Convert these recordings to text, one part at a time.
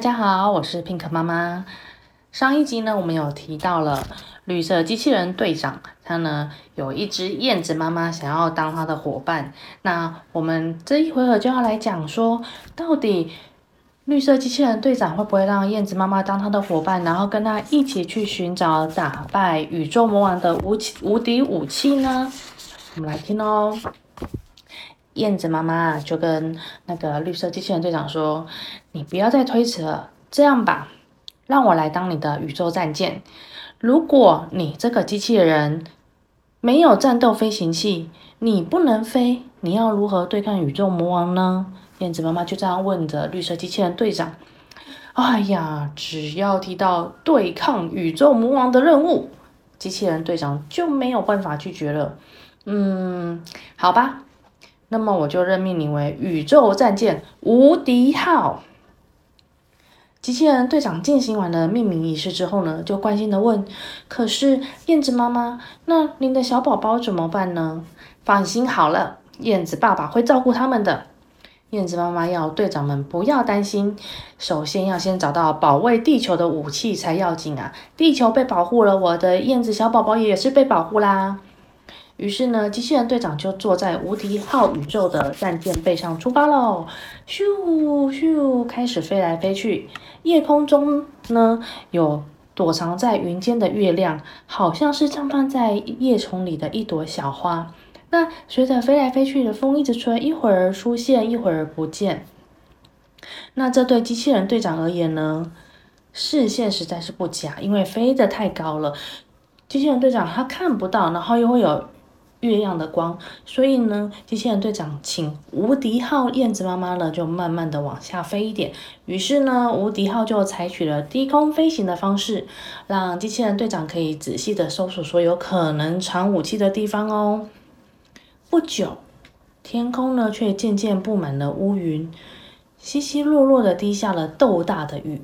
大家好，我是 Pink 媽媽。上一集呢，我們有提到了綠色機器人隊長，他呢有一隻燕子媽媽想要當他的夥伴。那我們這一回合就要來講說，到底綠色機器人隊長會不會讓燕子媽媽當他的夥伴，然後跟他一起去尋找打敗宇宙魔王的武器、無敵武器呢？我們來聽哦。燕子媽媽就跟那個綠色機器人隊長說：“你不要再推辭了，這樣吧，讓我來當你的宇宙戰艦。如果你這個機器人沒有戰鬥飛行器，你不能飛，你要如何對抗宇宙魔王呢？”燕子媽媽就這樣問着綠色機器人隊長。“哎呀，只要提到對抗宇宙魔王的任務，機器人隊長就沒有辦法拒絕了。”嗯，好吧。那麼我就任命你為宇宙戰艦無敵號。機器人隊長進行完了命名儀式之後呢，就關心地問：“可是燕子媽媽，那您的小寶寶怎麼辦呢？”放心好了，燕子爸爸會照顧他們的。燕子媽媽要隊長們不要擔心，首先要先找到保衛地球的武器才要緊啊！地球被保護了，我的燕子小寶寶也是被保護啦。於是呢，機器人隊長就坐在無敵號宇宙的戰艦背上出發嘍，咻咻，開始飛來飛去。夜空中呢，有躲藏在雲間的月亮，好像是綻放在葉叢裡的一朵小花。那隨着飛來飛去的風一直吹，一會兒出現，一會兒不見。那這對機器人隊長而言呢，視線實在是不佳，因為飛得太高了，機器人隊長他看不到，然後又會有。月亮的光，所以呢，機器人隊長請無敵號燕子媽媽呢，就慢慢的往下飛一點。於是呢，無敵號就採取了低空飛行的方式，讓機器人隊長可以仔細的搜索所有可能藏武器的地方哦。不久，天空呢卻漸漸布滿了烏雲，稀稀落落的滴下了豆大的雨。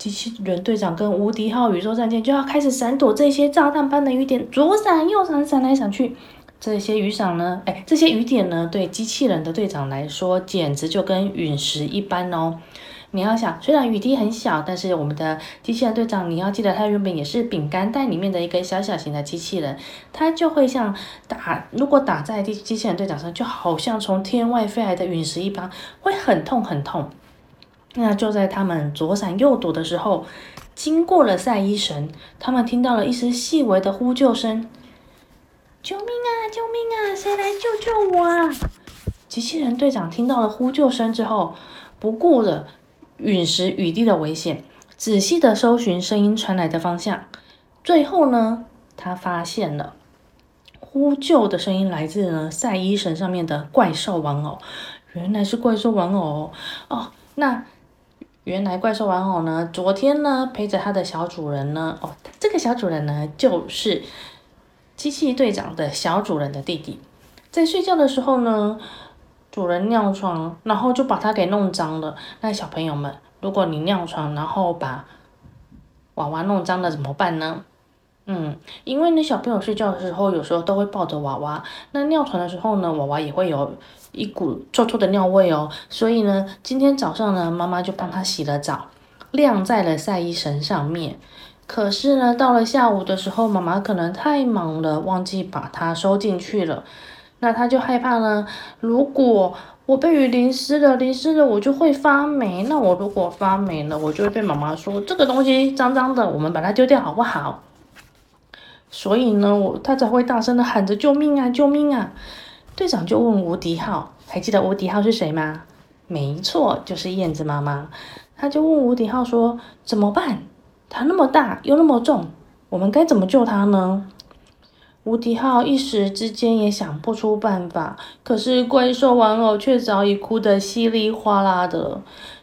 機器人隊長跟無敵號宇宙戰艦就要開始閃躲這些炸彈般的雨點，左閃右閃，閃來閃去。這些雨傘呢？哎，這些雨點呢？對機器人的隊長來說，簡直就跟隕石一般哦。你要想，雖然雨滴很小，但是我們的機器人隊長，你要記得，他原本也是餅乾袋裡面的一個小小型的機器人，他就會像打，如果打在機器人的隊長上，就好像從天外飛來的隕石一般，會很痛很痛。那就在他們左閃右躲的時候，經過了賽伊神，他們聽到了一絲細微的呼救聲：“救命啊！救命啊！誰來救救我啊！”機器人隊長聽到了呼救聲之後，不顧着隕石雨滴的危險，仔細地搜尋聲音傳來的方向。最後呢，他發現了呼救的聲音來自了賽伊神上面的怪獸玩偶，原來是怪獸玩偶哦。哦，那原來怪獸玩偶呢，昨天呢，陪着他的小主人呢，哦，這個小主人呢，就是機器隊長的小主人的弟弟。在睡覺的時候呢，主人尿床，然後就把它給弄髒了。那小朋友們，如果你尿床，然後把娃娃弄髒了，怎麼辦呢？嗯，因為呢，小朋友睡覺的時候，有時候都會抱着娃娃，那尿床的時候呢，娃娃也會有一股臭臭的尿味哦。所以呢，今天早上呢，媽媽就幫他洗了澡，晾在了曬衣繩上面。可是呢，到了下午的時候，媽媽可能太忙了，忘記把它收進去了。那他就害怕呢，如果我被雨淋濕了，淋濕了我就會發霉。那我如果發霉了，我就會被媽媽說，這個東西髒髒的，我們把它丟掉好不好？所以呢，我他才會大聲的喊着救命啊，救命啊！隊長就問無敵號：還記得無敵號是誰嗎？沒錯，就是燕子媽媽。他就問無敵號說：“怎麼辦？他那麼大又那麼重，我們該怎麼救他呢？”無敵號一時之間也想不出辦法，可是怪獸玩偶卻早已哭得稀里嘩啦的。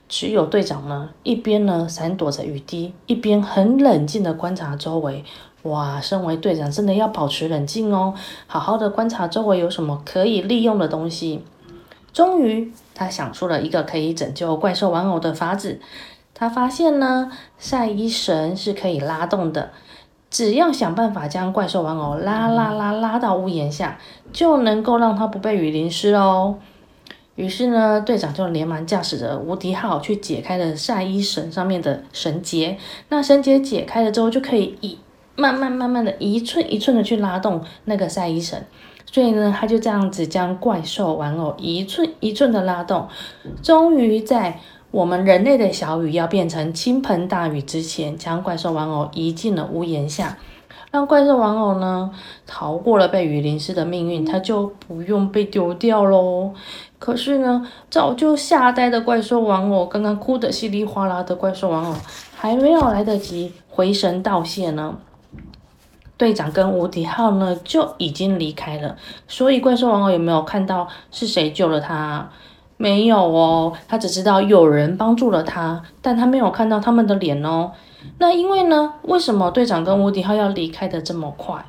只有隊長呢，一邊呢閃躲着雨滴，一邊很冷靜地觀察周圍。哇，身為隊長真的要保持冷靜哦，好好的觀察周圍有什麼可以利用的東西。終於，他想出了一個可以拯救怪獸玩偶的法子。他發現呢，曬衣繩是可以拉動的，只要想辦法將怪獸玩偶拉拉拉拉到屋檐下，就能夠讓它不被雨淋濕哦。於是呢，隊長就連忙駕駛着無敵號去解開了曬衣繩上面的繩結。那繩結解開了之後，就可以以慢慢慢慢的一寸一寸的去拉動那個曬衣繩，所以呢，他就這樣子將怪獸玩偶一寸一寸的拉動，終於在我們人類的小雨要變成傾盆大雨之前，將怪獸玩偶移進了屋檐下，讓怪獸玩偶呢逃過了被雨淋濕的命運，它就不用被丟掉嘍。可是呢，早就嚇呆的怪獸玩偶，剛剛哭得稀里嘩啦的怪獸玩偶，還沒有來得及回神道謝呢。隊長跟無敵號呢就已經離開了，所以怪獸王有沒有看到是誰救了他？沒有哦，他只知道有人幫助了他，但他沒有看到他們的臉哦。那因為呢，為什麼隊長跟無敵號要離開得這麼快？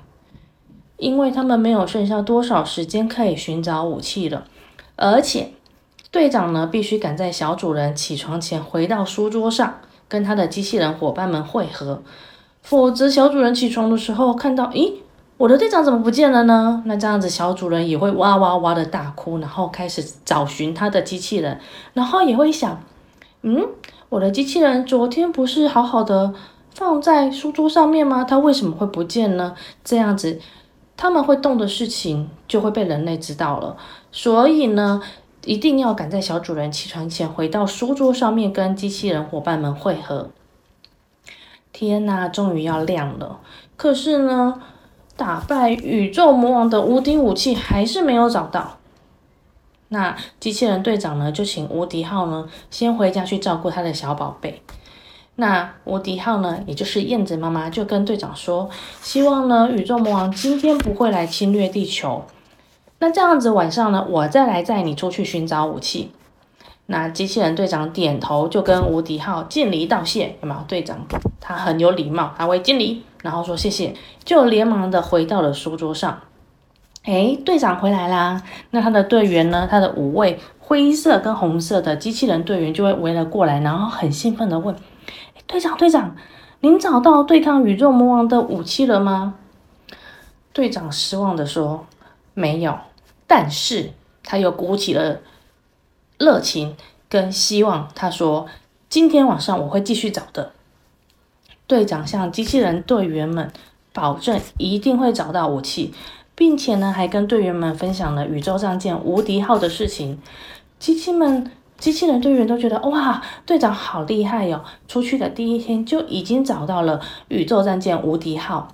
因為他們沒有剩下多少時間可以尋找武器了，而且隊長呢必須趕在小主人起床前回到書桌上，跟他的機器人夥伴們會合。否則，小主人起床的時候看到，咦，我的隊長怎麼不見了呢？那這樣子，小主人也會哇哇哇的大哭，然後開始找尋他的機器人，然後也會想，嗯，我的機器人昨天不是好好的放在書桌上面嗎？它為什麼會不見呢？這樣子，他們會動的事情就會被人類知道了。所以呢，一定要趕在小主人起床前回到書桌上面，跟機器人夥伴們會合。天吶，終於要亮了！可是呢，打敗宇宙魔王的無敵武器還是沒有找到。那機器人隊長呢，就請無敵號呢先回家去照顧他的小寶貝。那無敵號呢，也就是燕子媽媽，就跟隊長說，希望呢宇宙魔王今天不會來侵略地球。那這樣子晚上呢，我再來載你出去尋找武器。那機器人隊長點頭，就跟無敵號敬禮道謝。有沒有隊長？他很有禮貌，他會敬禮，然後說謝謝，就連忙的回到了書桌上。誒，隊長回來啦！那他的隊員呢？他的五位灰色跟紅色的機器人隊員就會圍了過來，然後很興奮的問：“隊長，隊長，您找到對抗宇宙魔王的武器了嗎？”隊長失望的說：“沒有。”但是他又鼓起了。熱情跟希望，他說：“今天晚上我會繼續找的。”隊長向機器人隊員們保證一定會找到武器，並且呢，還跟隊員們分享了宇宙戰艦無敵號的事情。機器們、機器人隊員都覺得：“哇，隊長好厲害喲、哦！”出去的第一天就已經找到了宇宙戰艦無敵號，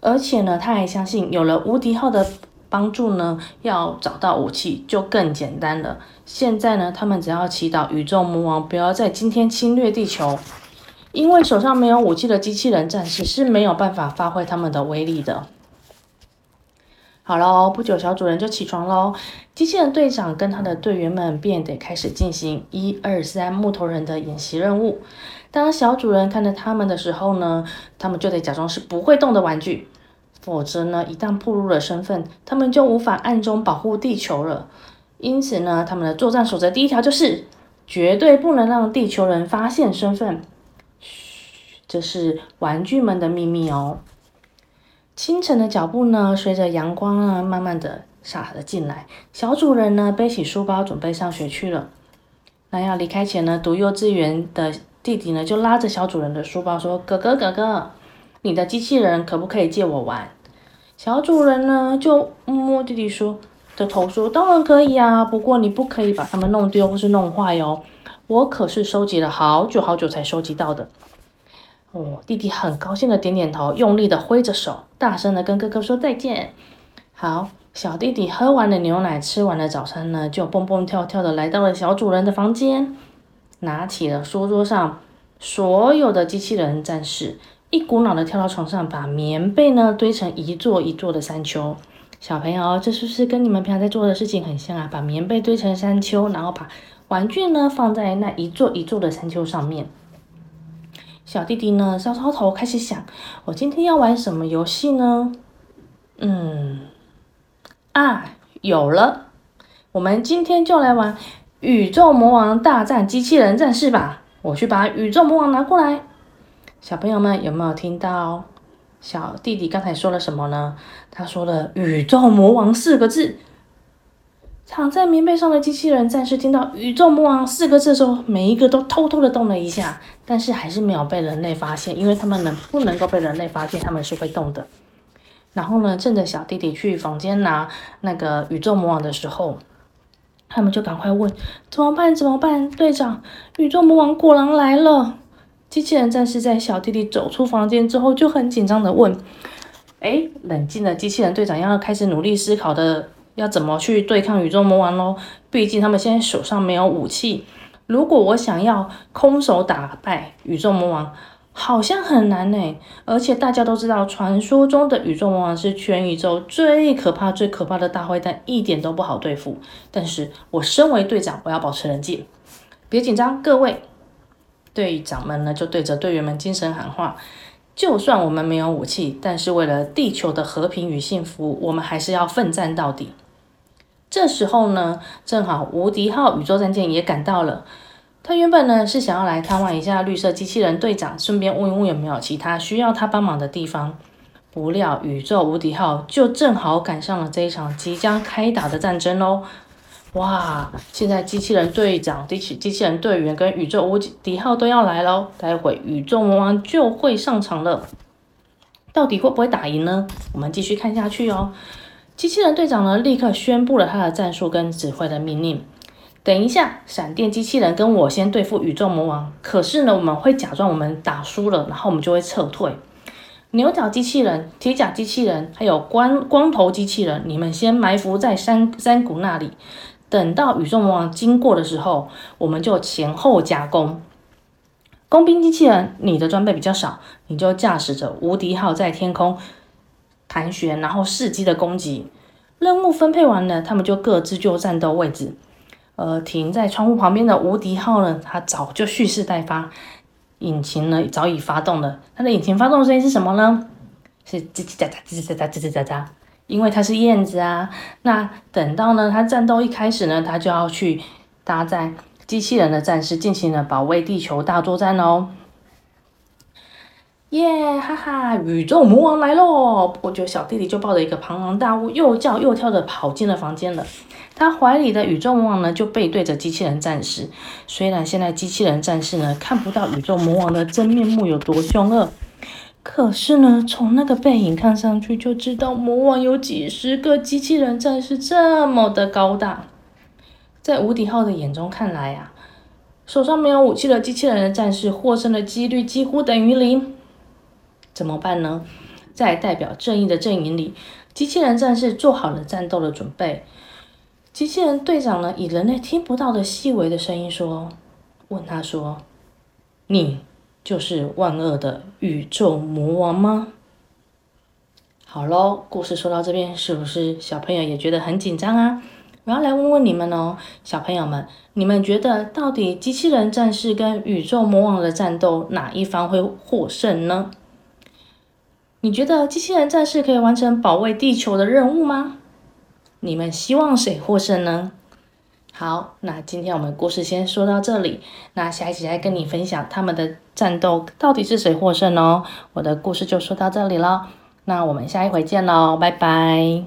而且呢，他還相信有了無敵號的。幫助呢，要找到武器就更簡單了。現在呢，他們只要祈禱宇宙魔王不要在今天侵略地球，因為手上沒有武器的機器人暫時是沒有辦法發揮他們的威力的。好嘍，不久小主人就起床嘍，機器人隊長跟他的隊員們便得開始進行一二三木頭人的演習任務。當小主人看着他們的時候呢，他們就得假裝是不會動的玩具。否則呢，一旦暴露了身份，他們就無法暗中保護地球了。因此呢，他們的作戰守則第一條就是，絕對不能讓地球人發現身份。噓，這是玩具們的秘密哦。清晨的腳步呢，隨着陽光啊，慢慢的灑了進來。小主人呢，背起書包，準備上學去了。那要離開前呢，讀幼稚園的弟弟呢，就拉着小主人的書包說：“哥哥，哥哥。”你的機器人可不可以借我玩？小主人呢，就摸弟弟說的頭說：“當然可以啊，不過你不可以把他們弄丟或是弄壞喲。我可是收集了好久好久才收集到的。”哦，弟弟很高興的點點頭，用力的揮着手，大聲的跟哥哥說再見。好，小弟弟喝完了牛奶，吃完了早餐呢，就蹦蹦跳跳的來到了小主人的房間，拿起了書桌上所有的機器人戰士。一股腦的跳到床上，把棉被呢堆成一座一座的山丘。小朋友，這是不是跟你們平常在做的事情很像啊？把棉被堆成山丘，然後把玩具呢放在那一座一座的山丘上面。小弟弟呢，搔搔頭，開始想：我今天要玩什麼遊戲呢？嗯，啊，有了！我們今天就來玩宇宙魔王大戰機器人戰士吧！我去把宇宙魔王拿過來。小朋友們有沒有聽到小弟弟剛才說了什麼呢？他說了“宇宙魔王”四個字。躺在棉被上的機器人戰士聽到“宇宙魔王”四個字的時候，每一個都偷偷的動了一下，但是還是沒有被人類發現，因為他們能不能夠被人類發現，他們是會動的。然後呢，趁着小弟弟去房間拿那個宇宙魔王的時候，他們就趕快問：“怎麼辦？怎麼辦？隊長，宇宙魔王果然來了！”機器人戰士在小弟弟走出房間之後就很緊張地問：“哎，冷靜的機器人隊長要開始努力思考的，要怎麼去對抗宇宙魔王咯？畢竟他們現在手上沒有武器。如果我想要空手打敗宇宙魔王，好像很難哎。而且大家都知道，傳說中的宇宙魔王是全宇宙最可怕、最可怕的大壞蛋，但一點都不好對付。但是我身為隊長，我要保持冷靜，別緊張，各位。”隊長們呢，就對着隊員們精神喊話：“就算我們沒有武器，但是為了地球的和平與幸福，我們還是要奮戰到底。”這時候呢，正好無敵號宇宙戰艦也趕到了。他原本呢，是想要來探望一下綠色機器人隊長，順便問一問有沒有其他需要他幫忙的地方。不料宇宙無敵號就正好趕上了這一場即將開打的戰爭嘍。哇！現在機器人隊長、機器機器人隊員跟宇宙無敵號都要來嘍。待會宇宙魔王就會上場了，到底會不會打贏呢？我們繼續看下去哦。機器人隊長呢，立刻宣布了他的戰術跟指揮的命令。等一下，閃電機器人跟我先對付宇宙魔王。可是呢，我們會假裝我們打輸了，然後我們就會撤退。牛角機器人、鐵甲機器人還有光光頭機器人，你們先埋伏在山山谷那裡。等到宇宙魔王經過的時候，我們就前後夾攻。工兵機器人，你的裝備比較少，你就駕駛着無敵號在天空盤旋，然後伺機的攻擊。任務分配完了，他們就各自就戰鬥位置。呃，停在窗戶旁邊的無敵號呢，它早就蓄勢待發，引擎呢早已發動了。它的引擎發動的聲音是什麼呢？是嘰嘰喳喳，嘰嘰喳喳，嘰嘰喳喳。因為他是燕子啊，那等到呢，他戰鬥一開始呢，他就要去搭載機器人的戰士，進行了保衛地球大作戰哦。耶，yeah，哈哈，宇宙魔王來嘍！不久小弟弟就抱着一個龐然大物，又叫又跳的跑進了房間了。他懷裡的宇宙魔王呢，就背對着機器人戰士。雖然現在機器人戰士呢，看不到宇宙魔王的真面目有多兇惡。可是呢，從那個背影看上去就知道，魔王有幾十個機器人戰士這麼的高大，在無敵浩的眼中看來啊，手上沒有武器的機器人的戰士獲勝的幾率幾乎等於零。怎麼辦呢？在代表正義的陣營裡，機器人戰士做好了戰鬥的準備。機器人隊長呢，以人類聽不到的細微的聲音說：“問他說，你”就是萬惡的宇宙魔王嗎？好嘍，故事說到這邊，是不是小朋友也覺得很緊張啊？我要來問問你們哦，小朋友們，你們覺得到底機器人戰士跟宇宙魔王的戰鬥哪一方會獲勝呢？你覺得機器人戰士可以完成保衛地球的任務嗎？你們希望誰獲勝呢？好，那今天我們故事先說到這裡，那下一集再跟你分享他們的戰鬥到底是誰獲勝哦。我的故事就說到這裡了，那我們下一回見嘍，拜拜。